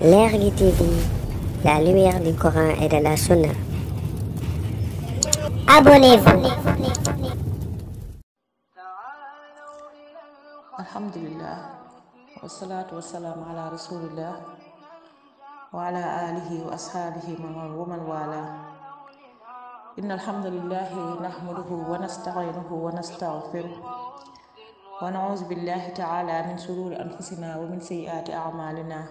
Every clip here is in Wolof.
L'air L'Ergue TV, la lumière du Coran et de la Sunna. Abonnez-vous. Alhamdulillah, wa salatu wa salam ala rasulillah, wa ala alihi wa ashabihi wa man wala. إن الحمد لله نحمده ونستعينه ونستغفره ونعوذ بالله تعالى من شرور أنفسنا ومن سيئات أعمالنا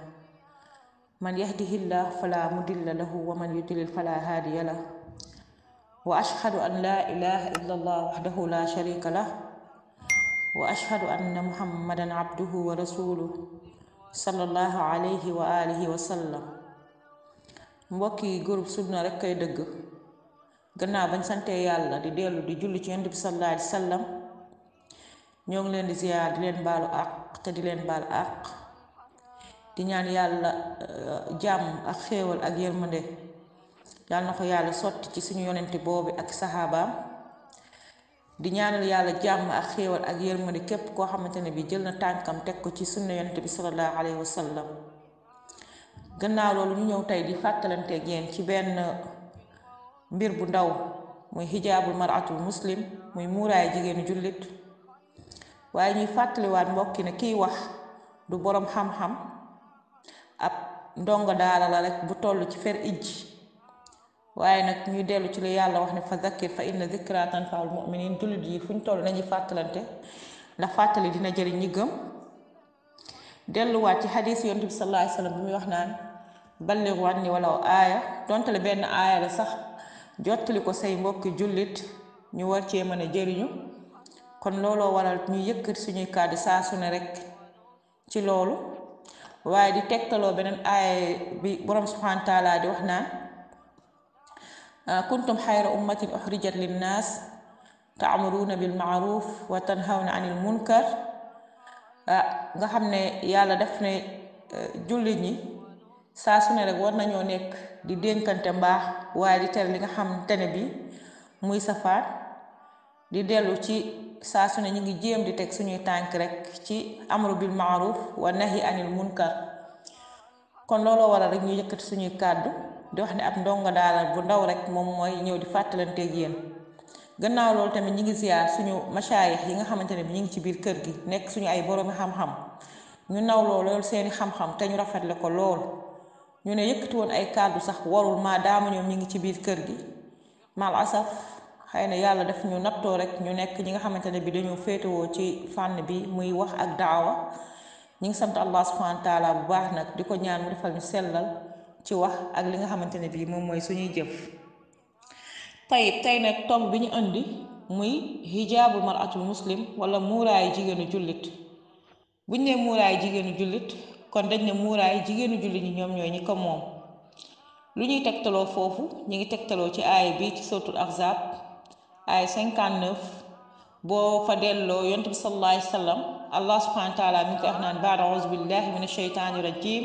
من يهده الله فلا مدل له ومن يدل فلا هادي له وأشهد أن لا إله إلا الله وحده لا شريك له وأشهد أن محمدا عبده ورسوله صلى الله عليه وآله وسلم موكي قرب سنة ركي دق قلنا بن سنتي يالا دي ديلو دي جولي تي اندب صلى الله عليه وسلم نيونغ لين زيار دي لين بالو أق تدي لين بالو أق di ñaan yàlla euh, jàmm ak xéewal ak yërmande yàlla na ko yàlla sotti ci suñu yonente boobu ak saxaabaam di ñaanal yàlla jàmm ak xéewal ak yërmande képp koo xamante ne bi jël na tànkam teg ko ci sunna yonente bi sallallahu alayhi wa sallam loolu ñu ñëw tey di fàttalante ak ci benn mbir bu ndaw muy xijaabul maratul muslim muy muuraay jigéenu jullit waaye ñuy fàttaliwaat mbokki ne kiy wax du boroom xam-xam ndongo daara la rek bu toll ci fer ijji waaye nag ñuy dellu ci lu yàlla wax ne fa zakkir fa inna zikra tanfaul muminin jullit yi fu ñu toll nañuy fàttalante ndax fàttali dina jëriñ ñi delluwaat ci xadis yonent bi sallallahu muy wax naan balligu anni walaw aaya donte le benn aaya la sax jottali ko say mbokki jullit ñu war cee mën a jëriñu kon looloo waral ñu yëkkat suñuy kàddu saa su rek ci loolu waaye di tegtaloo beneen aaya bi borom subhanahu wa taala di wax naan kuntum xayra ummatin uxrijat linnaas taamuruuna bilmaaruf wa tanhawna anil munkar nga xam ne yàlla def ne jullit ñi saa su ne rek war nañoo nekk di dénkante mbaax waaye di tere li nga xamante ne bi muy safaan di dellu ci saa su ne ñu ngi jéem di teg suñuy tànk rekk ci amru bil maaruf wa nahi anil munkar kon looloo waral rek ñu yëkkati suñuy kàddu di wax ne ab ndongo daara bu ndaw rek moom mooy ñëw di fàttalanteeg yéen gannaaw loolu tamit ñi ngi ziar suñu masaayix yi nga xamante ne bi ñu ngi ci biir kër gi nekk suñu ay boroomi xam-xam ñu naw loolu loolu seeni xam-xam te ñu rafetle ko lool ñu ne yëkkati woon ay kàddu sax warul maa daama ñoom ñu ngi ci biir kër gi xëy na yàlla daf ñu nattoo rek ñu nekk ñi nga xamante ne bi dañu féetewoo ci fànn bi muy wax ak daawa ñi ngi sant allah subhanahu wa bu baax nag di ko ñaan mu defal ñu sellal ci wax ak li nga xamante ne bi moom mooy suñuy jëf tey tey nag tomb bi ñu indi muy hijaabu maratul muslim wala muuraayu jigéenu jullit buñ ne muuraayu jigéenu jullit kon dañ ne muuraayu jigéenu jullit ñi ñoom ñooy ñi ko moom lu ñuy tegtaloo foofu ñu ngi tegtaloo ci aaya bi ci suratul ahzab ay 59 boo fa delloo yonent sallallahu alayhi wa sallam allah subhanahu wa taala mi ngi koy wax naan baada auzu billahi min asheytaani rajim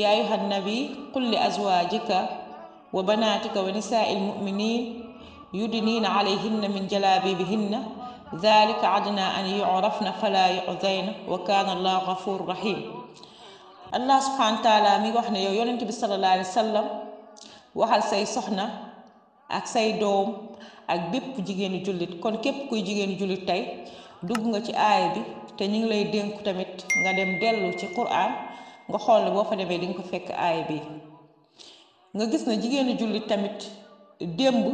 yaa ayuha nabi qul li azwaajika wa banaatika wa nisaai lmuminin yudniina alayhinna min jalaabibihinna dalika adna an yurafna fala yudayna wa kaana allah gafur rahim allah subhanahu wa taala mi ngi wax ne yow yonent bi sallallahu alayhi wa ak bépp jigéenu jullit kon képp kuy jigéenu jullit tey dugg nga ci aaya bi te ñu ngi lay dénku tamit nga dem dellu ci Qur'an nga xool ne boo fa demee di ko fekk aaya bi nga gis na jigéenu jullit tamit démb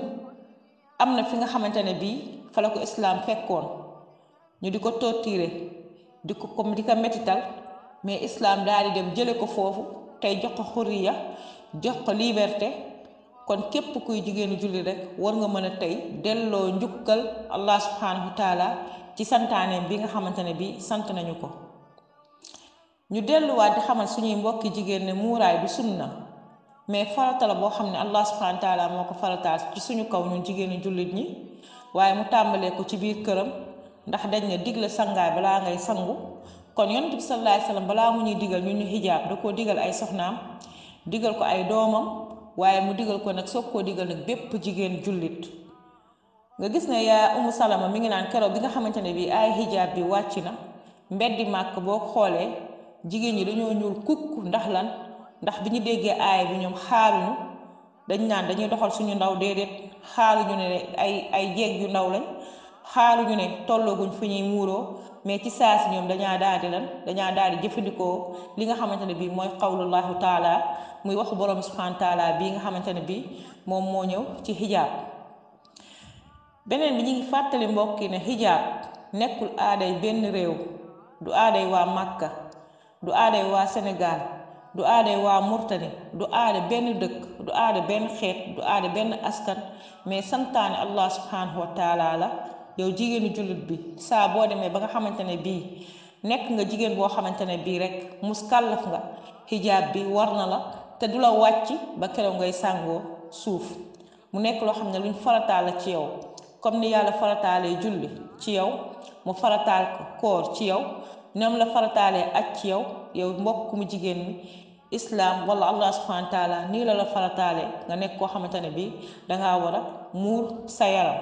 am na fi nga xamante ne bii fa la ko islaam fekkoon ñu di ko torturer di ko ko di ko métital mais islaam daal di dem jële ko foofu tey jox ko xuriya jox ko liberté kon képp kuy jigéenu julli rek war nga mën a tey delloo njukkal allah subhanahu wa ci santaane bi nga xamante ne bi sant nañu ko ñu delluwaat di xamal suñuy mbokki jigéen ne muuraay du na mais farata boo xam ne allah subhanahu wa moo ko farataal ci suñu kaw ñun jigéenu jullit ñi waaye mu tàmbalee ko ci biir këram ndax dañ ne digle sangaay balaa ngay sangu kon yonent bi sallallahu balaa mu ñuy digal ñu ñu xijaab da koo digal ay soxnaam digal ko ay doomam waaye mu digal ko nag soog koo digal nag bépp jigéen jullit nga gis ne yaa umu salama mi ngi naan keroog bi nga xamante ne bi ay hijab bi wàcc na mbeddi màkk boo xoolee jigéen ñi dañoo ñuul kukk ndax lan ndax bi ñu déggee aay bi ñoom xaaruñu dañ naan dañuy doxal suñu ndaw déedéet xaaruñu ne ay ay jeeg yu ndaw lañ xaaruñu ne tollooguñ fu ñuy muuroo mais ci saa si ñoom dañaa daal di lan dañaa daal di jëfandikoo li nga xamante ne bii mooy qawlullaahu taala muy waxu borom subhanahu bii nga xamante ne bii moom moo ñëw ci xijaab beneen bi ñu ngi fàttali mbokk yi ne xijaab nekkul aaday benn réew du aaday waa Makka du aaday waa Sénégal du aaday waa Murtani du aada benn dëkk du aada benn xeet du aada benn askan mais santaane Allah subhanahu wa la yow jigéenu jullit bi saa boo demee ba nga xamante ne bii nekk nga jigéen boo xamante ne bii rek muskàllaf nga xijaab bi war na la te du la wàcc ba keroog ngay sàngoo suuf mu nekk loo xam ne luñ farataal ci yow comme ni yàlla farataalee julli ci yow mu farataal koor ci yow ñoom la farataalee ak ci yow yow mbokk mu jigéen islaam islam wala allah subhanahu wa nii la la farataalee nga nekk koo xamante ne bii dangaa war a muur sa yaram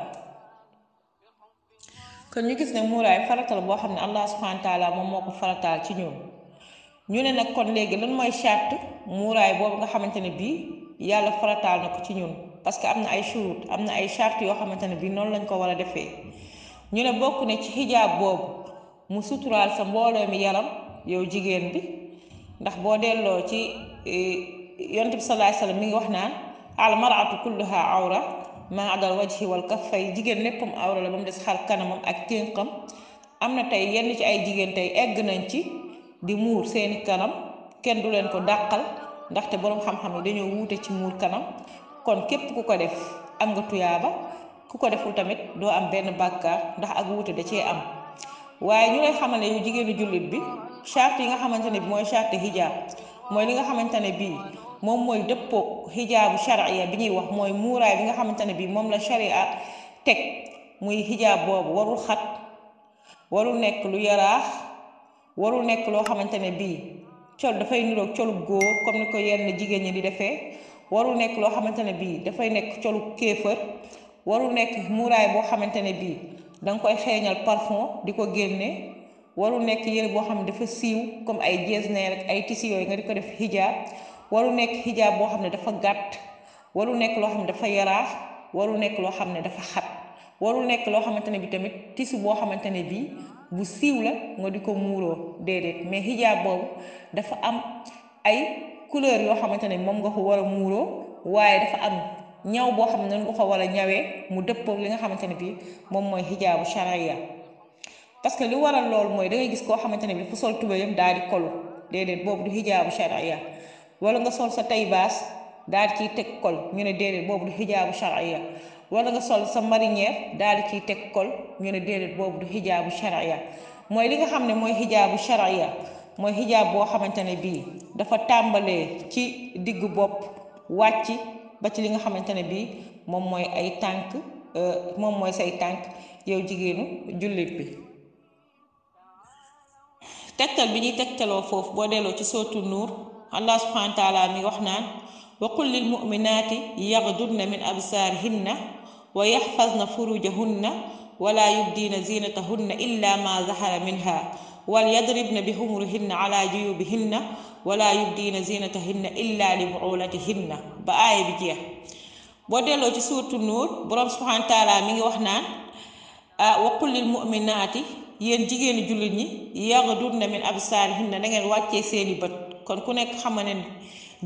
kon ñu gis ne muuraay faratal boo xam ne allah subhanahu wa taala moom moo ko farataal ci ñoom ñu ne nag kon léegi lan mooy charte muuraay boobu nga xamante ne bii yàlla farataal na ko ci ñun parce que am na ay shurut am na ay charte yoo xamante ne bii noonu lañ ko war a defee ñu ne bokk ne ci xijaab boobu mu suturaal sa mbooloo mi yaram yow jigéen bi ndax boo delloo ci e, yonent bi sallallahu mi ngi wax naan al mar'atu kulluha awra maa adal wajhi wal fay jigéen léppam awra la ba mu des xar kanamam ak tënkam am na tey yenn ci ay jigéen tey egg nañ ci di muur seeni kanam kenn du leen ko dàqal ndaxte boroom xam-xam yi dañoo wuute ci muur kanam kon képp ku ko def am nga tuyaaba ku ko deful tamit doo am benn bàkkaar ndax ak wuute da cee am waaye ñu lay xamal ne yu jigéenu jullit bi charte yi nga xamante ne bi mooy charte hijab mooy li nga xamante ne bii moom mooy dëppoo hijaabu charia bi ñuy wax mooy muuraay bi nga xamante ne bii moom la charia teg muy hijab boobu warul xat warul nekk lu yaraax warul nekk loo xamante ne bii col dafay niroog colu góor comme ni ko yenn jigéen ñi di defee warul nekk loo xamante ne bii dafay nekk colu kéefër warul nekk muuraay boo xamante ne bii danga koy xeeñal parfum di ko génne warul nekk yére boo xam ne dafa siiw comme ay jeesneer rek ay tisi yooyu nga di ko def hijab warul nekk hijab boo xam ne dafa gàtt warul nekk loo xam ne dafa yaraax warul nekk loo xam ne dafa xat warul nekk loo xamante ne bi tamit xamante ne bii bu siiw la nga di ko muuroo déedéet mais hijab boobu dafa am ay couleur yoo xamante ne moom nga ko war a muuroo waaye dafa am ñaw boo xam ne noonu nga ko war a ñawee mu dëppoo li nga xamante ne bii moom mooy hijabu charia parce que li waral loolu mooy da gis koo xamante ne bii fu sol tubéyam daal di kolu déedéet boobu du hijabu charia wala nga sol sa tay baas daal ciy teg kol ñu ne déedéet boobu du hijabu charia wala nga sol sa marinière daal di ciy teg kol ñu ne déedéet boobu du xijaabu charia mooy li nga xam ne mooy xijaabu charia mooy xijaab boo xamante ne bii dafa tàmbalee ci diggu bopp wàcc ba ci li nga xamante ne bii moom mooy ay tànk euh, moom mooy say tànk yow jigéenu jullit bi tegtal bi ñuy tegtaloo foofu boo delloo ci sootu nuur allah subhanahu wa taala mi wax naan wa qul lil mu'minaati yaghdudna min absaarihinna wa yaxfazna furujahunna wala yubdiina ziinatahunna illa ma zahara minha wal yadribna bi xumurihinna ala juyubihinna wala yubdiina ziinatahinna illa li buulatihinna ba aaya bi jeex boo delloo ci suurtu nuur boroom subhaana taala mi ngi wax naan wa qul lil mu'minaati yéen jigéeni jullit ñi yaghdudna min absaarihinna na dangeen wàccee seeni bët kon ku nekk xama ne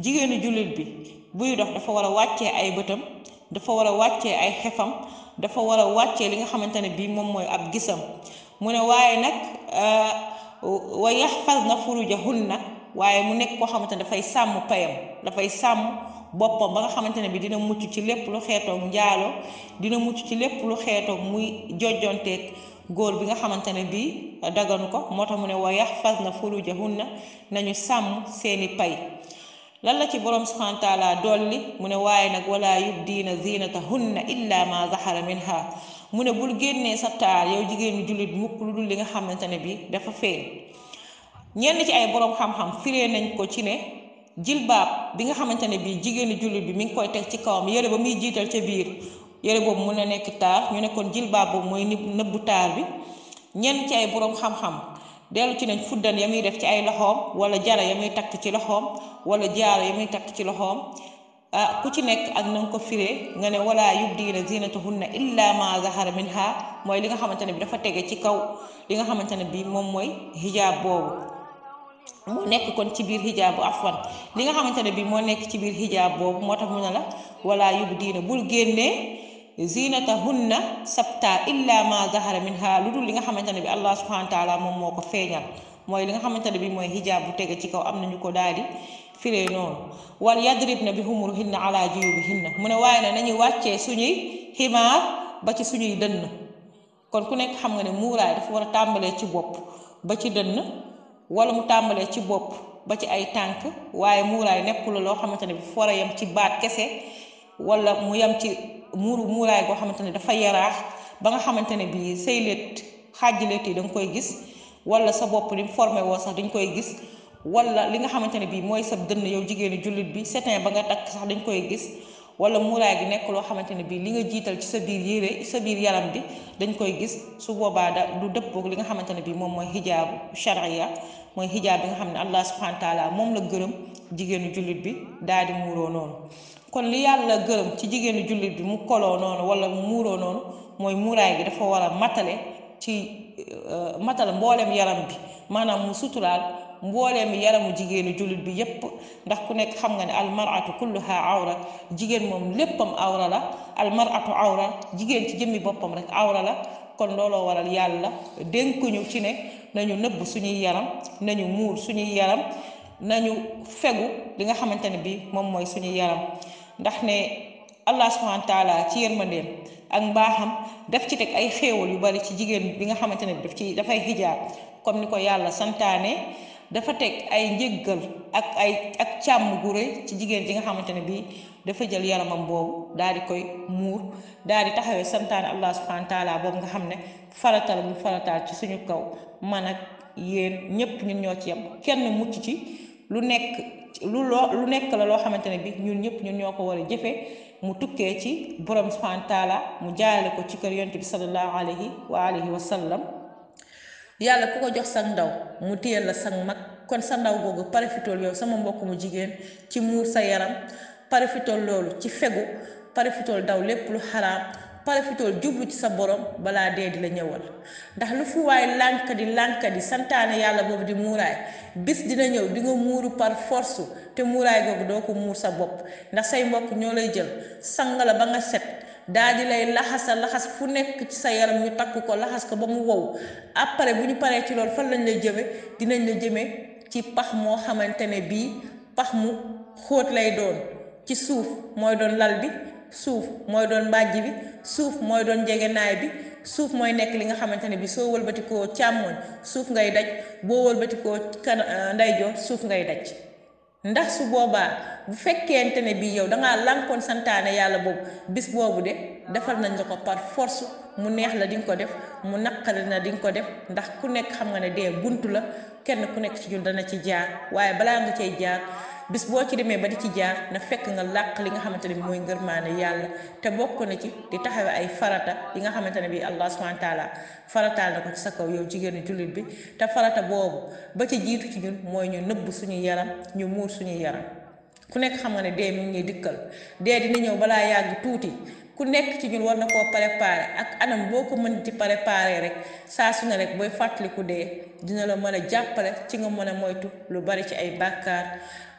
jigéenu jullit bi buy dox dafa war a wàccee ay bëtam dafa war a wàccee ay xefam dafa war a wàccee li nga xamante ne bii moom mooy ab gisam mu ne waaye nag euh, wa yaxfazna nag waaye mu nekk koo xamante ne dafay sàmm payam dafay sàmm boppam ba nga xamante ne bi dina mucc ci lépp lu xeetoog njaaloo dina mucc ci lépp lu xeetoog muy jojjonteeg góor bi nga xamante ne bii daganu ko moo tax mu ne wa yaxfazna furujahunna nañu sàmm seeni pay lan la ci borom subhaanahu wa taala dolli mu ne waaye nag wala yubdiina zinatahunna illa ma zahara minha mu ne bul génnee sa taar yow jigéenu jullit li nga xamante ne bi dafa feeñ ñenn ci ay borom xam-xam nañ ko ci ne jilbaab bi nga xamante ne bi jigéenu jullit bi mi ngi koy teg ci kawam yére ba muy jiital ca biir yére boobu mun na nekk taar ñu ne kon jilbaab boobu mooy nëbbu taar bi ñenn ci ay boroom xam-xam dellu ci nañ fuddan ya muy def ci ay loxoom wala jara ya muy takk ci loxoom wala jaaro ya muy takk ci loxoom ah, ku ci nekk ak na nga ko firee nga ne wala yubdiina zinatahunna illa ma zahara minha mooy li nga xamante ne bi dafa tege ci kaw li nga xamante ne bi moom mooy hijab boobu moo nekk kon ci biir hijaabu afwan li nga xamante ne bi moo nekk ci biir hijab boobu moo tax mu ne la wala yubdiina bul génnee zinatahunna sabta illa ma zahara minha lu dul li nga xamante ne bi allah subhanahu wa taala moom moo ko feeñal mooy li nga xamante ne bi mooy hijab bu tege ci kaw am na ñu ko daal di firee noonu wal yadribna bi xumuruhinna ala juyubihinna mu ne waaye ne nañuy wàccee suñuy ximaar ba ci suñuy dënn kon ku nekk xam nga ne muuraay dafa war a tàmbalee ci bopp ba ci dënn wala mu tàmbalee ci bopp ba ci ay tànk waaye muuraay nekkul loo xamante ne bi a yem ci baat kese wala mu yem ci muuru muuraay goo xamante ne dafa yaraax ba nga xamante ne bii say létt létt yi da koy gis wala sa bopp li mu formé sax dañ koy gis wala li nga xamante ne bii mooy sa dënn yow jigéenu jullit bi setin ba nga takk sax dañ koy gis wala muuraay gi nekk loo xamante ne bii li nga jiital ci sa biir yére sa biir yaram bi dañ koy gis su boobaa da du dëppoog li nga xamante ne bii moom mooy xijaabu charia mooy xijaab bi nga xam ne allah subhanahu wa taala moom la gërëm jigéenu jullit bi daal di muuroo noonu kon li yàlla gërëm ci jigéenu jullit bi mu koloo noonu wala mu muuroo noonu mooy muuraay gi dafa war a matale ci euh, matal mbooleem yaram bi maanaam mu suturaal mbooleem yaramu jigéenu jullit bi yépp ndax ku nekk xam nga ne almaratu kulluha awra jigéen moom léppam awra la almaratu awra jigéen ci jëmmi boppam rek awra la kon looloo waral yàlla dénkuñu ci ne nañu nëbb suñuy yaram nañu muur suñuy yaram nañu fegu li nga xamante ne bi moom mooy suñu yaram ndax ne allah subhanahu wa taala ci yërmandeem ak mbaaxam def ci teg ay xéewal yu bari ci jigéen bi nga xamante ne daf ci dafay xijaab comme ni ko yàlla santaane dafa teg ay njëggal ak ay ak càmm gu rëy ci jigéen ji nga xamante ne bii dafa jël yaramam boobu daal di koy muur daal di taxawee santaane allah subhanahu wa boobu nga xam ne faratal bu farataal ci suñu kaw man ak yéen ñépp ñun ñoo ci yem kenn mucc ci lu nekk lu loo lu nekk la loo xamante ne bi ñun ñëpp ñun ñoo ko war a jëfe mu tukkee ci borom subhana taala mu jaarale ko ci kër yonent bi salallahu alayhi wa alihi wa sallam yàlla ku ko jox sa ndaw mu téyel la sa mag kon sa ndaw googu parafitool yow sama mbokk mu jigéen ci muur sa yaram parafitool loolu ci fegu parafitool daw lépp lu xaraam parafitool jublu ci sa borom balaa dee di la ñëwal ndax lu fi waay lànkadi lànkadi santaane yàlla boobu di muuraay bis dina ñëw dinga nga muuru par force te muuraay googu doo ko muur sa bopp ndax say mbokk ñoo lay jël sang la ba nga set daal di lay laxasa laxas fu nekk ci sa yaram ñu takk ko laxas ko ba mu wow après bu ñu paree ci loolu fan lañu lay jëme dinañ la jëme ci pax moo xamante ne bii pax mu xóot lay doon ci suuf mooy doon lal bi suuf mooy doon mbàjj bi suuf mooy doon naay bi suuf mooy nekk li nga xamante ne bi soo wëlbatikoo càmmoñ suuf ngay daj boo wëlbatikoo kan euh, ndeyjoor suuf ngay daj ndax su boobaa bu fekkente ne bi yow dangaa lànkoon santaane yàlla boobu bis boobu de defal nañ la ko par force mu neex la di nga ko def mu naqari na di nga ko def ndax ku nekk xam nga ne dee bunt la kenn ku nekk ci ñun dana ci jaar waaye balaa nga cay jaar bis boo ci demee ba di ci jaar na fekk nga làq li nga xamante ne bi mooy ngërmaane yàlla te bokk na ci di taxawe ay farata yi nga xamante ne bi allah subhanahu wa taala farataal na ko ci sa kaw yow jigéenu jullit bi te farata boobu ba ci jiitu ci ñun mooy ñu nëbb suñu yaram ñu muur suñu yaram ku nekk xam nga ne dee mi ngi dikkal dee dina ñëw balaa yàgg tuuti ku nekk ci ñun war na koo préparer ak anam boo ko mën di préparer rek saa su ne rek booy fàttaliku dee dina la mën a jàppale ci nga mën a moytu lu bari ci ay bàkkaar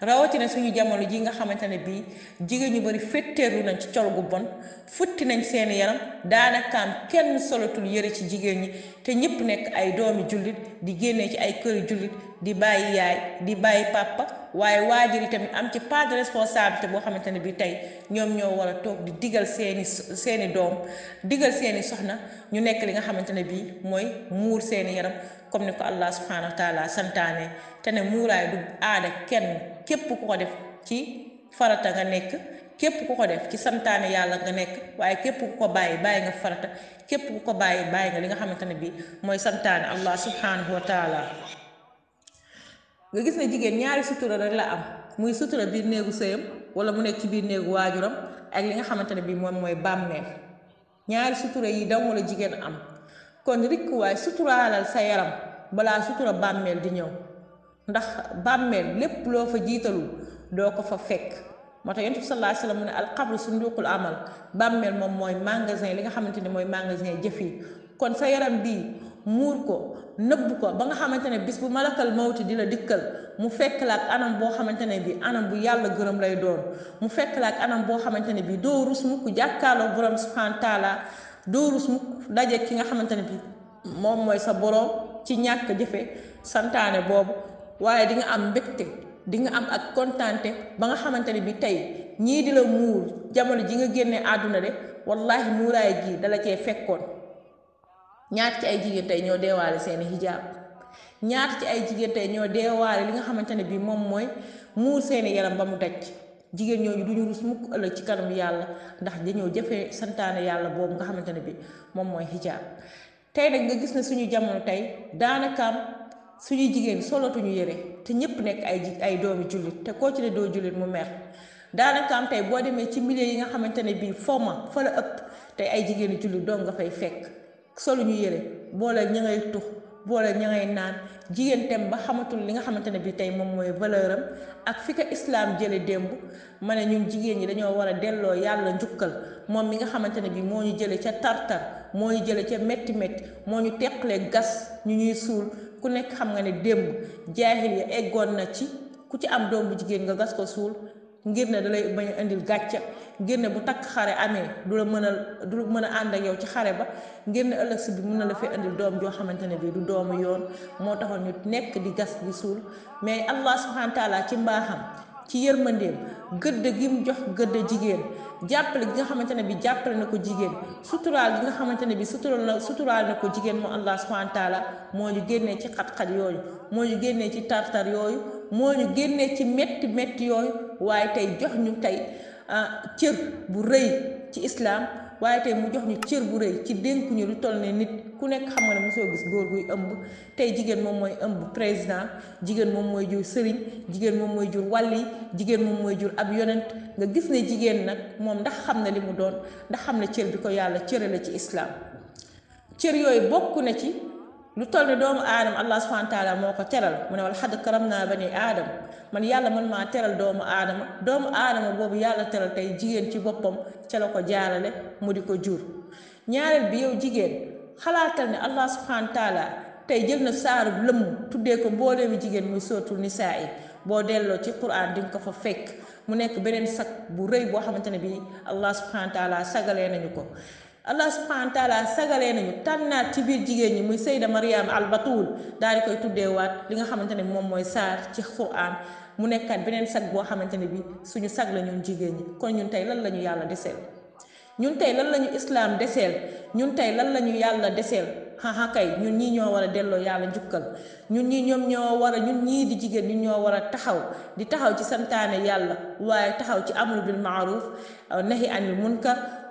rawatina suñu jamono ji nga xamante ne bii jigéen ñu bari fetteerlu nañ ci col gu bon futti nañ seen yaram daanakaam kenn solatul yëre ci jigéen ñi te ñëpp nekk ay doomi jullit di génnee ci ay këri jullit di bàyyi yaay di bàyyi papa waaye waajur yi tamit am ci part de responsabilité boo xamante ne bii tey ñoom ñoo war a toog di digal seeni seeni doom digal seeni soxna ñu nekk li nga xamante ne bii mooy muur seeni yaram comme ni ko Allah subhanahu santaane te muuraay du aada kenn. képp ku ko def ci farata nga nekk képp ku ko def ci santaane yàlla nga nekk waaye képp ku ko bàyyi bàyyi nga farata képp ku ko bàyyi bàyyi nga li nga xamante ne bii mooy santaane allah subhanahu wa taala nga gis ne jigéen ñaari sutura rek la am muy sutura biir néegu sëyam wala mu nekk ci biir néegu waajuram ak li nga xamante ne bii moom mooy bàmmeel ñaari sutura yi dong la jigéen am kon rikk waaye suturaalal sa yaram balaa sutura bàmmeel di ñëw ndax bàmmeel lépp loo fa jiitalu doo ko fa fekk moo tax yonent bi sallallahu alayhi wa sallam mu ne alxabru sunduqul amal bàmmeel moom mooy magasin li nga xamante ne mooy magasin jëf kon sa yaram bii muur ko nëbb ko ba nga xamante ne bis bu malakal mawti di la mu fekk anam boo xamante ne bi anam bu yàlla gërëm lay doon mu fekk anam boo xamante ne bi doo rus mukk jàkkaarloo borom subhanahu taala doo ki nga xamante ne bi moom mooy sa borom ci ñàkk jëfe santaane boobu waaye di nga am mbégte di nga am ak kontante ba nga xamante ne bi tey ñii di la muur jamono ji nga génne àdduna de wallahi muuraay gi dala cee fekkoon ñaat ci ay jigéen tey ñoo deewaale seeni hijaab ñaat ay jigéen ñoo deewaale li nga xamante ne bii moom mooy muur seeni yaram ba mu daj jigéen ñooñu duñu rus mukk ëllëg ci kanam yàlla ndax dañoo jëfee santaane yàlla boobu nga xamante ne bi moom mooy hijaab tey nag nga gis ne suñu jamono tey daanakaam suñu jigéen solatuñu yére te ñëpp nekk ay ay doomi jullit te koo ci ne doo jullit mu mer daanaka am tey boo demee ci milieu yi nga xamante ne bii forma fa la ëpp tey ay jigéenu jullit doom nga fay fekk soluñu yére boole ña ngay tux boole ña ngay naan jigéen tem ba xamatul li nga xamante ne bii tey moom mooy valeur ak fi ko islaam jële démb ma ne ñun jigéen ñi dañoo war a delloo yàlla njukkal moom mi nga xamante ne bii moo ñu jële ca tartar moo ñu ca métti métti moo ñu teqlee gas ñu ñuy suul ku nekk xam nga ne démb jaahil ya eggoon na ci ku ci am doom bu jigéen nga gas ko suul ngir ne dalay bañ a indil gàcca ngir ne bu takk xare amee du la mën a du mën a ànd ak yow ci xare ba ngir ne ëllëg si bi mën na la fee indil doom joo xamante ne bii du doomu yoon moo taxoon ñu nekk di gas di suul mais Allah subhanahu wa ci mbaaxam ci yërmandeem gëdd gi mu jox gëdd jigéen jàppale gi nga xamante ne bi jàppale na ko jigéen suturaal gi nga xamante ne bi suturaal na suturaal ko jigéen moo allah subhanahu wa taala moo ñu génnee ci xat-xat yooyu moo ñu génnee ci tartar yooyu moo ñu génnee ci métti métti yooyu waaye tey jox ñu tey ah, cër bu rëy ci islaam waaye tey mu jox ñu cër bu rëy ci dénku ñu lu toll ne nit ku nekk xam nga ne mosoo gis góor guy ëmb tey jigéen moom mooy ëmb président jigéen moom mooy jur sëriñ jigéen moom mooy jur wàlli jigéen moom mooy jur ab yonent nga gis ne jigéen nag moom ndax xam na li mu doon ndax xam na cër bi ko yàlla cërale ci islaam cër yooyu bokk na ci lu toll ni doomu aadama allah subhanahu wa moo ko teral mu ne wala xadd karam naa bani aadama man yàlla man maa teral doomu aadama doomu aadama boobu yàlla teral tey jigéen ci boppam ca la ko jaarale mu di ko jur ñaareel bi yow jigéen xalaatal ne allah subhanahu wa tey jël na saaru lëmm tuddee ko mbooleemu jigéen muy sootul nisaa yi boo delloo ci quran di nga ko fa fekk mu nekk beneen sag bu rëy boo xamante ne bi allah subhanahu wa taala nañu ko allah subhanahu wa taala sagalee nañu tànnaat ci biir jigéen ñi muy sayda mariama al batul daal di koy tuddeewaat li nga xamante ne moom mooy saar ci quran mu nekkaat beneen sag boo xamante ne bi suñu sag la jigéen ñi kon ñun tey lan la ñu yàlla deseel ñun tey lan la ñu islaam deseel ñun tey lan la ñu yàlla deseel haha kay ñun ñii ñoo war a delloo yàlla njukkal ñun ñii ñoom ñoo war a ñun ñii di jigéen ñun ñoo war a taxaw di taxaw ci santaane yàlla waaye taxaw ci amru bil maaruf nahi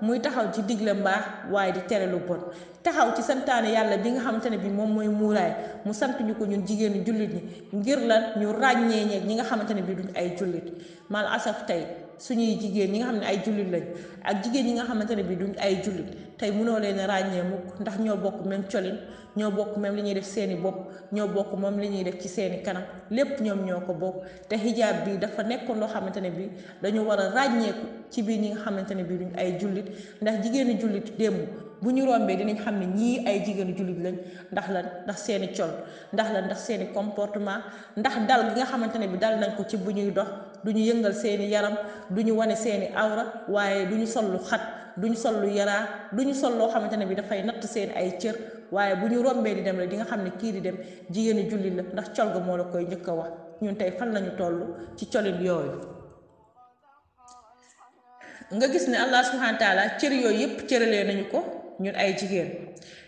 muy taxaw ci digle mbaax waaye di tere lu bon taxaw ci santaane yàlla bi nga xamante ne bi moom mooy muuraay mu sant ko ñun jigéenu jullit ñi ngir lan ñu ràññee ñeeg ñi nga xamante ne bi duñ ay jullit mal asaf tey suñuy jigéen ñi nga xam ne ay jullit lañ ak jigéen ñi nga xamante ne bi duñ ay jullit tey mënoo leen ràññee mukk ndax ñoo bokk même colin ñoo bokk même li ñuy def seeni bopp ñoo bokk moom li ñuy def ci seeni kanam lépp ñoom ñoo ko bokk te xijaab bi dafa nekkoon loo xamante ne bi dañu war a ràññeeku ci biir ñi nga xamante ne bi duñ ay jullit ndax jigéenu jullit démb bu ñu rombee dinañ xam ne ñii ay jigéenu jullit lañ ndax la ndax seeni col ndax la ndax seeni comportement ndax dal gi nga xamante ne bi dal nañ ko ci bu ñuy dox du ñu yëngal seeni yaram du ñu wane seeni awra waaye du ñu sol lu xat du ñu sol lu yaraa du ñu sol loo xamante ne bi dafay natt seen ay cër waaye bu ñu rombee di dem la di nga xam ne kii di dem jigéenu jullit la ndax col ga moo la koy njëkk a wax ñun tey fan lañu toll ci colin yooyu nga gis ne allah subhana taala cër yooyu yëpp cëralee nañu ko ñun ay jigéen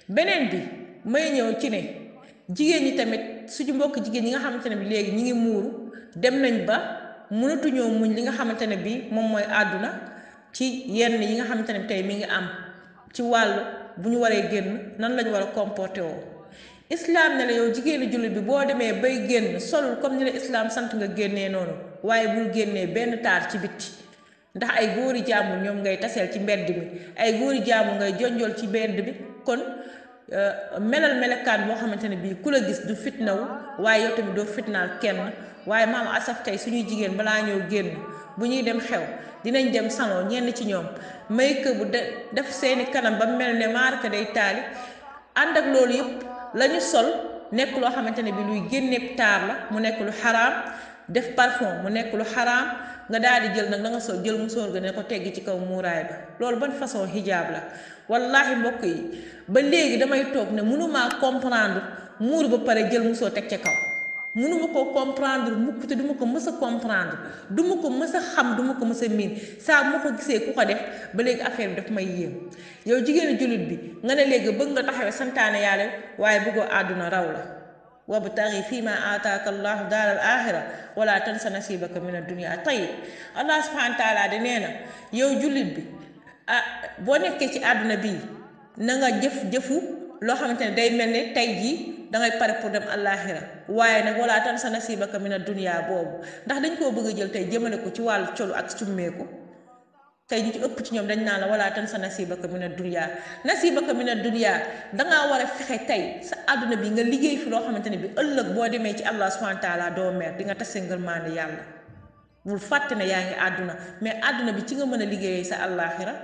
beneen bi may ñëw ci ne jigéen ñi tamit suñu mbokk jigéen ñi nga xamante ne bi léegi ñi ngi muuru dem nañ ba mënatuñoo muñ li nga xamante ne bi moom mooy àdduna ci yenn yi nga xamante ne bi tey mi ngi am ci wàll bu ñu waree génn nan lañu war a comporté woo islam ne la yow jigéenu jullit bi boo demee bay génn solul comme ni la islam sant nga génnee noonu waaye bul génnee benn taar ci bitti ndax ay góori jàmbur ñoom ngay taseel ci mbedd mi ay góori jàmbur ngay jonjool ci mbedd bi kon euh, melal melekaan boo xamante ne bii ku la gis du fitnawu waaye yow tamit doo fitnaal kenn waaye maam asaf tey suñuy jigéen balaa ñëw génn bu ñuy dem xew dinañ dem salon ñenn ci ñoom may que bu def seeni kanam ba mel ne marque day taali ànd ak loolu yëpp lañu sol nekk loo xamante ne bi luy génne taar la mu nekk lu xaraam def parfum mu nekk lu xaraam nga daal di jël nag na nga so jël musóor ga ne ko tegg ci kaw muuraay ba loolu ban façon hijab la wallahi mbokk yi ba léegi damay toog ne mënumaa comprendre muur ba pare jël musóor teg ca kaw mënuma ko comprendre mukk te duma ko mës a comprendre duma ko mës a xam duma ko mës a miin saa ma ko gisee ku ko def ba léegi affaire bi daf may yéem yow jigéenu jullit bi nga ne léegi bëgg nga taxawee santaane yàlla waaye bëggoo àdduna raw la wabtaghi fima ataaka allahu daara al axira wala tansa nasibaka min addunia tayib allah subhanahu wa taala de nee na yow jullit bi a ah, boo nekkee ci àdduna bii na nga jëf jëfu loo xamante ne day mel ne tey jii dangay pare pour dem àllaaxira waaye nag wala tansa nasibaka min addunia boobu ndax dañ koo bëgg jël tey jëmale ko ci wàllu colu ak summeeku tey ñu ci ëpp ci ñoom dañ naa la wala tan sa nasibaka mina dunya nasibaka mina dunya dangaa war a fexe tey sa àdduna bi nga liggéey fi loo xamante ne bi ëllëg boo demee ci allah subhanahu wa taala doo meer di nga tase ngërmaande yàlla bul fàtte ne yaa ngi àdduna mais àdduna bi ci nga mën a liggéeyee sa àllaaxira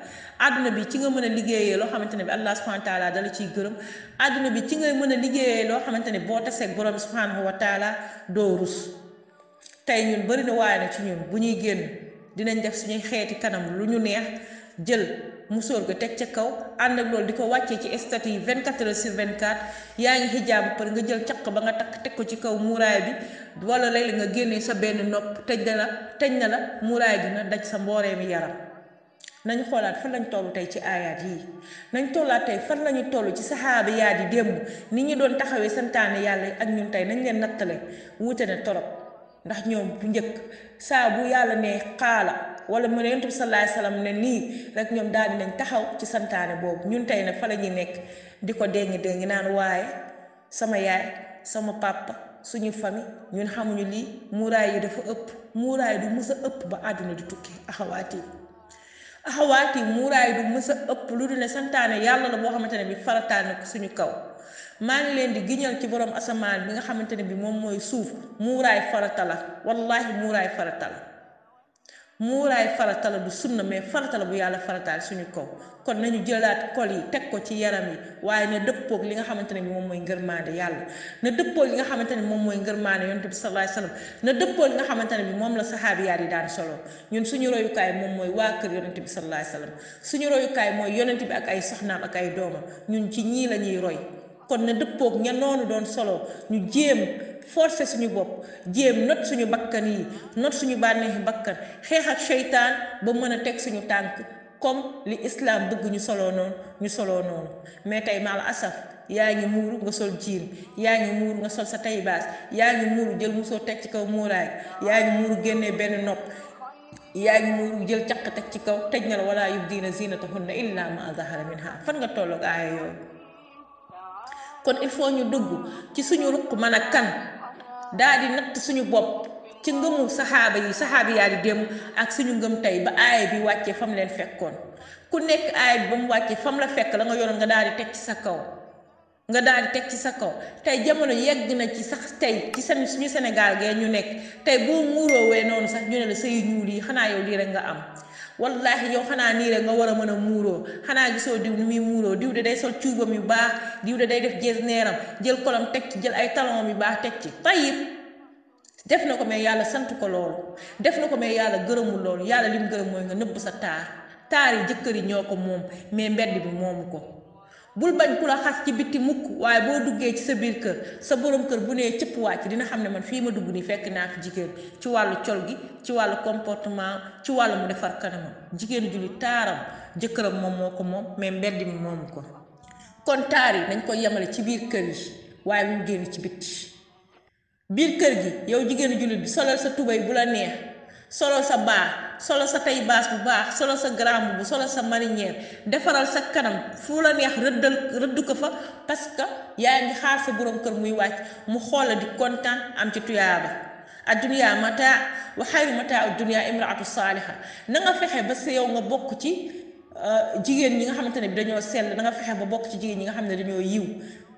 àdduna bi ci nga mën a liggéeyee loo xamante ne bi allah subhanahu wa taala dala ciy gërëm àdduna bi ci nga mën a liggéeyee loo xamante ne boo tasee borom subhanahu wa taala doo rus tey ñun bëri na waaye na ci ñuy génn dinañ def suñuy xeeti kanam lu ñu neex jël musóor ga teg ca kaw ànd loolu di ko wàccee ci statut yi 24 heures vint 24 yaa ngi xijaab par nga jël caq ba nga takk teg ko ci kaw muuraay bi wala léeg-léeg nga génnee sa benn nopp tëj na la tëj na la muuraay gi na daj sa mbooreem yaram nañu xoolaat fan lañ toll tey ci aayaat yi nañ tollaat tey fan lañu toll ci saxaaba yaa di démb ni ñu doon taxawee santaane yàlla ak ñun tey nañ leen nattale wuute na torop ndax ñoom bu njëkk saabu bu yàlla ne xaala wala mu ne yonent bi salaay ne nii rek ñoom daal di nañ taxaw ci santaane boobu ñun tey na fa la ñuy nekk di ko déngi déngi naan waaye sama yaay sama papa suñu famille ñun xamuñu lii muuraay yi dafa ëpp muuraay du mës a ëpp ba àdduna di tukki axawaati axawaati muuraay du mës a ëpp lu dul ne santaane yàlla la boo xamante ne bi farataane suñu kaw maa ngi leen di giñal ci borom asamaan bi nga xamante ne bi moom mooy suuf muuraay farata la wallaahi muuraay farata la muuraay farata la du sunna mais farata la bu yàlla farataal suñu kaw kon nañu jëlaat kol yi teg ko ci yaram yi waaye na dëppoog li nga xamante ne bi moom mooy ngërmaande yàlla na dëppoog li nga xamante ne bi moom mooy ngërmaande yonent bi sallallahu alayhi wasallam na dëppoog li nga xamante ne bi moom la saxaabiyaat yi daan solo ñun suñu royukaay moom mooy waa kër yonent bi sallallahu alayhi wasallam suñu royukaay mooy yonent bi ak ay soxnaam ak ay doomam ñun ci ñii la ñuy roy kon na dëppoog ña noonu doon solo ñu jéem forcé suñu bopp jéem not suñu bakkan yi not suñu bànneexi bakkan xeex ak ba mën a teg suñu tànk comme li islaam bëgg ñu soloo noonu ñu soloo noonu mais tey maal asaf yaa ngi muur nga sol jiin yaa ngi muuru nga sol sa tay yaa ngi muuru jël musoo teg ci kaw muuraay yaa ngi muuru génnee benn nopp yaa ngi muuru jël caq teg ci kaw teg na la wala yub diina zinatahunna illa ma zahara minha fan nga tolloog aaya kon il faut ñu dugg ci suñu ruq mën a kan daal di natt suñu bopp ci ngëmu saxaaba yi saxaaba yaa di démb ak suñu ngëm tey ba aaya bi wàccee fam leen fekkoon ku nekk aaya bi ba mu wàccee fam la fekk la nga yoroon nga daal di teg ci sa kaw nga daal di teg ci sa kaw tey jamono yegg na ci sax tey ci seen suñu Sénégal gee ñu nekk tey boo muuroowee noonu sax ñu ne la sëy ñuul yi xanaa yow lii rek nga am wallahi yow xanaa nii rek nga war a mën a muuroo xanaa gisoo diw ni muy muuroo diw de day sol cuubam yu baax diw de day def jees neeram jël kolom teg ci jël ay talon yu baax teg ci tayib def na ko mais yàlla sant ko loolu def na ko may yàlla gërëmul loolu yàlla lim gërëm mooy nga nëbb sa taar taar yi jëkkër yi ñoo ko moom mais mbedd bi moomu ko bul bañ ku la xas ci bitti mukk waaye boo duggee ci sa biir kër sa borom kër bu nee cëpp wàcc dina xam ne man fii ma dugg nii fekk naa fi jigéen ci wàllu col gi ci wàllu comportement ci wàllu mu defar kanamam jigéen ju taaram jëkkëram moom moo ko moom mais mbedd mi moomu ko kon taar yi dañ koy yemale ci biir kër yi waaye mu génn ci bitti biir kër gi yow jigéenu jullit bi solal sa tubay bu la neex solo sa baax solo sa tay baas bu baax solo sa grand bu solo sa marinière defaral sa kanam fu la neex rëddal rëdd ko fa parce que yaa ngi xaar sa boroom kër muy wàcc mu xoola di kontaan am ci tuyaaba adduniyaa mataa wa xayru mataa adduniyaa imraatu saaliha na nga fexe ba si yow nga bokk ci euh, jigéen ñi nga xamante ne bi dañoo sell na fexe ba bokk ci jigéen ñi nga xam ne dañoo yiw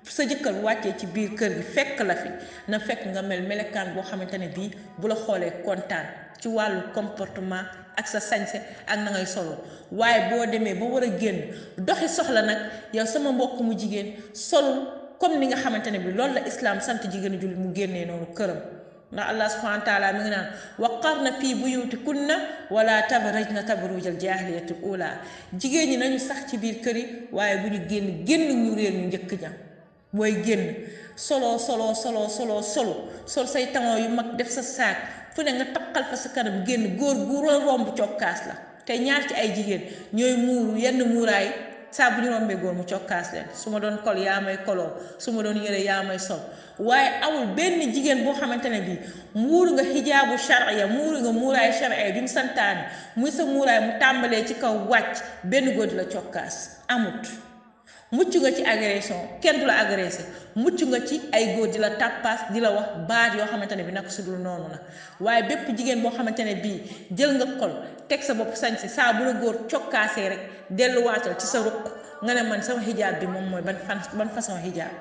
sa jëkkër bu wàccee ci biir kër gi fekk la fi na fekk nga mel melekaan boo xamante ne bii bu la xoolee kontaan ci wàllu comportement ak sa sañse ak na ngay solo waaye boo demee ba war a génn doxi soxla nag yow sama mbokk mu jigéen solu comme ni nga xamante ne bi loolu la islaam sant jigéenu jullit mu génnee noonu këram ndax allah subhanahu wa taala mi ngi naan na fii buyuti kunna wala tabarajna tabarujal jaahiliyatul ula jigéen ñi nañu sax ci biir kër yi waaye bu ñu génn génn ñu réer ñu njëkk ña booy génn solo solo solo solo solo sol say talon yu mag def sa saak fu ne nga takkal fa sa kanam génn góor gu romb cokkaas la te ñaar ci ay jigéen ñooy muuru yenn muuraay saa bu ñu rombee góor mu cokkaas leen su ma doon kol yaa may koloo su ma doon yëre yaa may sol waaye amul benn jigéen boo xamante ne bi muuru nga xijaabu charia muuru nga muuraay charia bi mu santaane muy sa muuraay mu tàmbalee ci kaw wàcc benn góor di la cokkaas amut mucc nga ci agression kenn du la agressé mucc nga ci ay góor di la tàppaas di la wax baat yoo xamante ne bi nag su dul noonu la waaye bépp jigéen boo xamante ne bii jël nga xol teg sa bopp sañse saa bu la góor cokkaasee rek delluwaatal ci sa ruq nga ne man sama xijaab bi moom mooy ban fan ban façon xijaab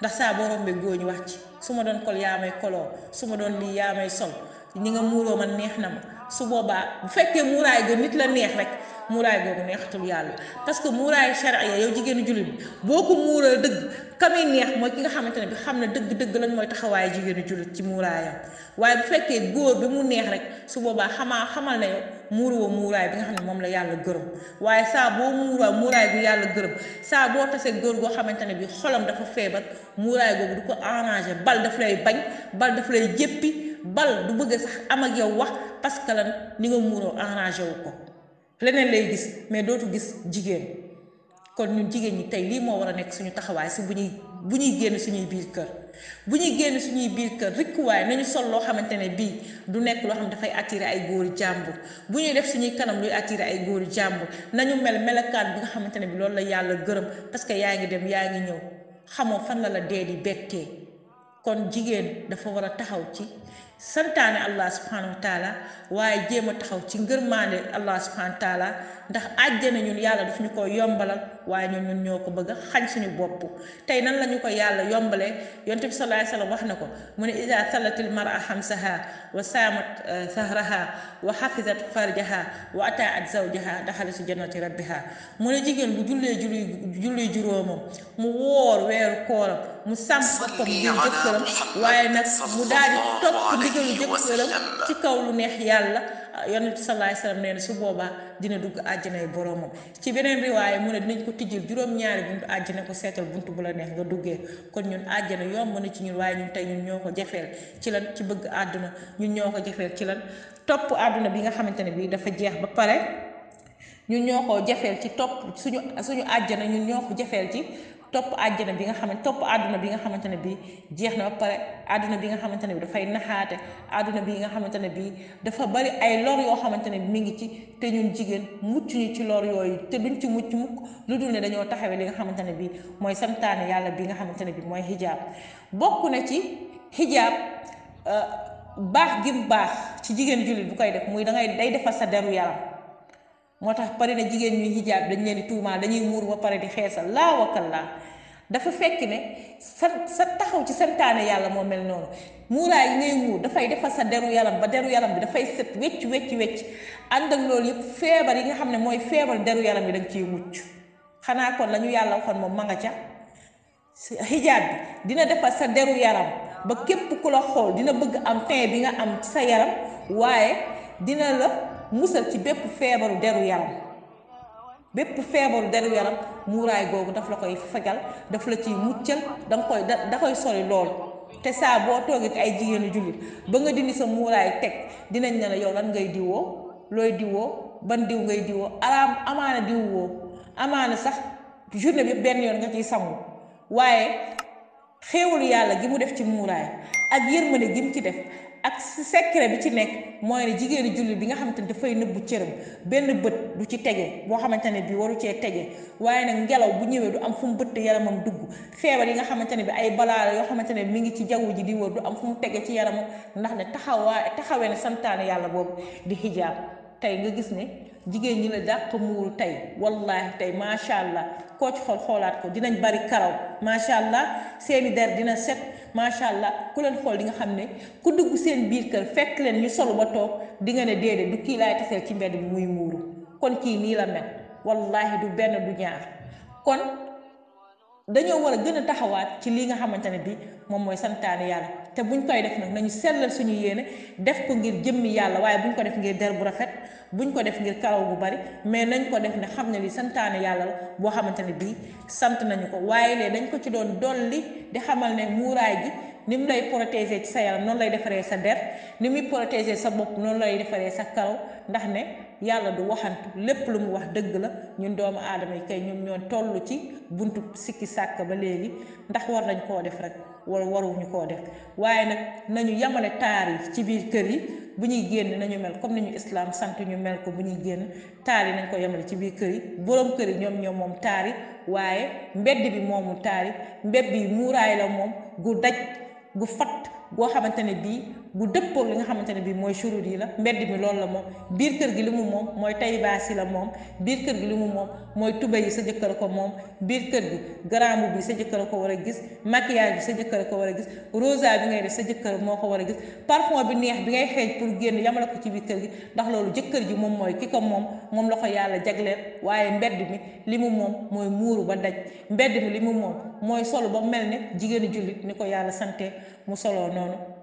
ndax saa boo rombee góor ñu wax ci su ma doon kol yaa may koloo su ma doon lii yaa may sol ni nga muuroo man neex na ma su boobaa bu fekkee muuraay ga nit la neex rek muuraay googu neexatul yàlla parce que muuraay charia yow jigéenu jullit boo ko muuraa dëgg kamay neex mooy ki nga xamante ne bi xam ne dëgg-dëgg lañ mooy taxawaayu jigéenu jullit ci muuraayam waaye bu fekkee góor bi mu neex rek su boobaa xamaa xamal na yow muuruwoo muuraay bi nga xam ne moom la yàlla gërëm waaye saa boo muuraa muuraay bi yàlla gërëm saa boo tasee góor goo xamante ne bi xolam dafa feebar muuraay googu du ko arrangé bal daf lay bañ bal daf lay jéppi bal du bëgg sax am ak yow wax parce que lan ni nga muuroo arrangé wu ko leneen lay gis mais dootu gis jigéen kon ñu jigéen ñi tey lii moo war a nekk suñu taxawaay si bu ñuy bu ñuy génn suñuy biir kër bu ñuy génn suñuy biir kër rikkuwaay nañu sol loo xamante ne bii du nekk loo xam ne dafay attiré ay góori jàmbur bu ñuy def suñuy kanam luy attiré ay góori jàmbur nañu mel melakaan bi nga xamante ne bi loolu la yàlla gërëm parce que yaa ngi dem yaa ngi ñëw xamoo fan la la dee di bettee kon jigéen dafa war a taxaw ci santaane allah subhanahu wa waaye jéem a taxaw ci ngërmaande allah subhanahu wa ndax àjjana ñun yàlla daf ñu ko yombalal waaye ñun ñun ñoo ko bëgg xañ suñu bopp tey nan la ñu ko yàlla yombalee yonte bi sallallahu alayhi wasallam wax na ko mu ne ida sallatil mara xamsaha wa saamat sahraha wa xafizat farjaha wa ataat zawjaha daxala si jannati rabbiha mu ne jigéen bu jullee julli julli juróomam mu woor weeru kooram mu sàmm boppam ngir jëkkëram waaye nag mu daal di topp ndigalu jëkkëram ci kaw lu neex yàlla yoon yonent salaay salaam nee na su boobaa dina dugg àjjinay boroomam ci beneen riwaaye mu ne dinañ ko tijjil juróom-ñaari buntu àjjina ko seetal bunt bu la neex nga duggee kon ñun àjjana yomb na ci ñun waaye ñun tey ñun ñoo ko jafeel ci lan ci bëgg àdduna ñun ñoo ko jafeel ci lan topp àdduna bi nga xamante ne bii dafa jeex ba pare ñun ñoo ko jafeel ci topp suñu suñu àjjana ñun ñoo ko jafeel ci topp àjjana bi nga xamante topp àdduna bi nga xamante ne bi jeex na ba pare àdduna bi nga xamante ne bi dafay naxaate àdduna bi nga xamante ne bi dafa bari ay lor yoo xamante ne bi mi ngi ci te ñun jigéen mucc ñu ci lor yooyu te duñ ci mucc mukk lu dul ne dañoo taxawee li nga xamante ne bi mooy santaane yàlla bi nga xamante ne bi mooy xijaab bokk na ci xijaab euh, baax gi baax ci jigéen jullit bu koy def muy dangay day defal sa deru yaram moo tax pare na jigéen ñuy hijaab dañ leen di tuumaal dañuy muur ba pare di xeesal laa wakallaa dafa fekk ne sa sa taxaw ci santaane yàlla moo mel noonu muuraay yi ngay muur dafay defar sa deru yaram ba deru yaram bi dafay set wecc wecc wecc ànd ak loolu yëpp feebar yi nga xam ne mooy feebar deru yaram bi danga ciy mucc xanaa kon la ñu yàlla waxoon moom ma nga ca hijaab bi dina defar sa deru yaram ba képp ku la xool dina bëgg am teint bi nga am sa yaram waaye musal ci bépp feebaru deru yaram bépp feebaru deru yaram muuraay googu daf la koy fegal daf la ciy muccal da nga koy da koy soli lool te saa boo toogee ci ay jigéenu jullit ba nga dindi sa muuraay teg dinañ ne la yow lan ngay diwoo looy diwoo ban diw ngay diwoo alaam amaana diw woo amaana sax journée bi benn yoon nga ciy sangu waaye xéewalu yàlla gi mu def ci muuraay ak yërmande gi mu ci def ak secret bi ci nekk mooy ne jigéenu jullit bi nga xamante ne dafay nëbbu cëram benn bët du ci tege boo xamante ne bi waru cee tege waaye nag ngelaw bu ñëwee du am fu mu bëtt yaramam dugg feebar yi nga xamante ne bi ay balaa yoo xamante ne mu ngi ci jaww ji di wër du am fu mu tege ci yaramam ndax ne taxawaa taxawee ne santaane yàlla boobu di xijaab tey nga gis ne jigéen ñi la dàq muuru tey wallaahi tey macha allah koo ci xool xoolaat ko dinañ bari karaw macha allah macha allah ku leen xool di nga xam ne ku dugg seen biir kër fekk leen ñu solu ba toog di nga ne déedéet du kii laay taseel ci mbedd bi muy muuru kon kii nii la mel wallahi du benn du ñaar kon dañoo war a gën a taxawaat ci lii nga xamante ne bi moom mooy santaane yàlla te buñ koy def nag nañu sellal suñu yéene def ko ngir jëmmi yàlla waaye buñ ko def ngir der bu rafet buñ ko def ngir karaw bu bari mais nañ ko def ne xam ne li santaane yàlla boo xamante ne bii sant nañu ko waaye lee dañ ko ci doon dolli di xamal ne muuraay gi ni mu lay protéger ci sa yaram noonu lay defaree sa der ni muy protéger sa bopp noonu lay defaree sa karaw ndax ne yàlla du waxantu lépp lu mu wax dëgg la ñun doomu aadama yi kay ñoom ñoo toll ci buntu sikki sàkk ba léegi ndax war nañ koo def rek wala waruñu koo def waaye nag nañu yamale taar yi ci biir kër yi bu ñuy génn nañu mel comme ni ñu islam sant ñu mel ko bu ñuy génn taar yi nañ ko yamale ci biir kër yi boroom kër yi ñoom ñoom moom taar waaye mbedd bi moomu taari yi mbedd bi muuraay la moom gu daj gu fatt goo xamante ne bii bu dëppoog li nga xamante ne bii mooy churut yi la mbedd mi loolu la moom biir kër gi li mu moom mooy tay baas yi la moom biir kër gi li mu moom mooy tuba yi sa jëkkër ko moom biir kër gi garaamu bi sa jëkkër ko war a gis maquillage bi sa jëkkër ko war a gis rosa bi ngay def sa jëkkër moo ko war a gis parfum bi neex bi ngay xeej pour génn yamala ko ci biir kër gi ndax loolu jëkkër ji moom mooy ki ko moom moom la ko yàlla jagleel waaye mbedd mi li mu moom mooy muuru ba daj mbedd mi li mu moom mooy solu ba mel ne jigéenu jullit ni ko yàlla sante mu soloo noonu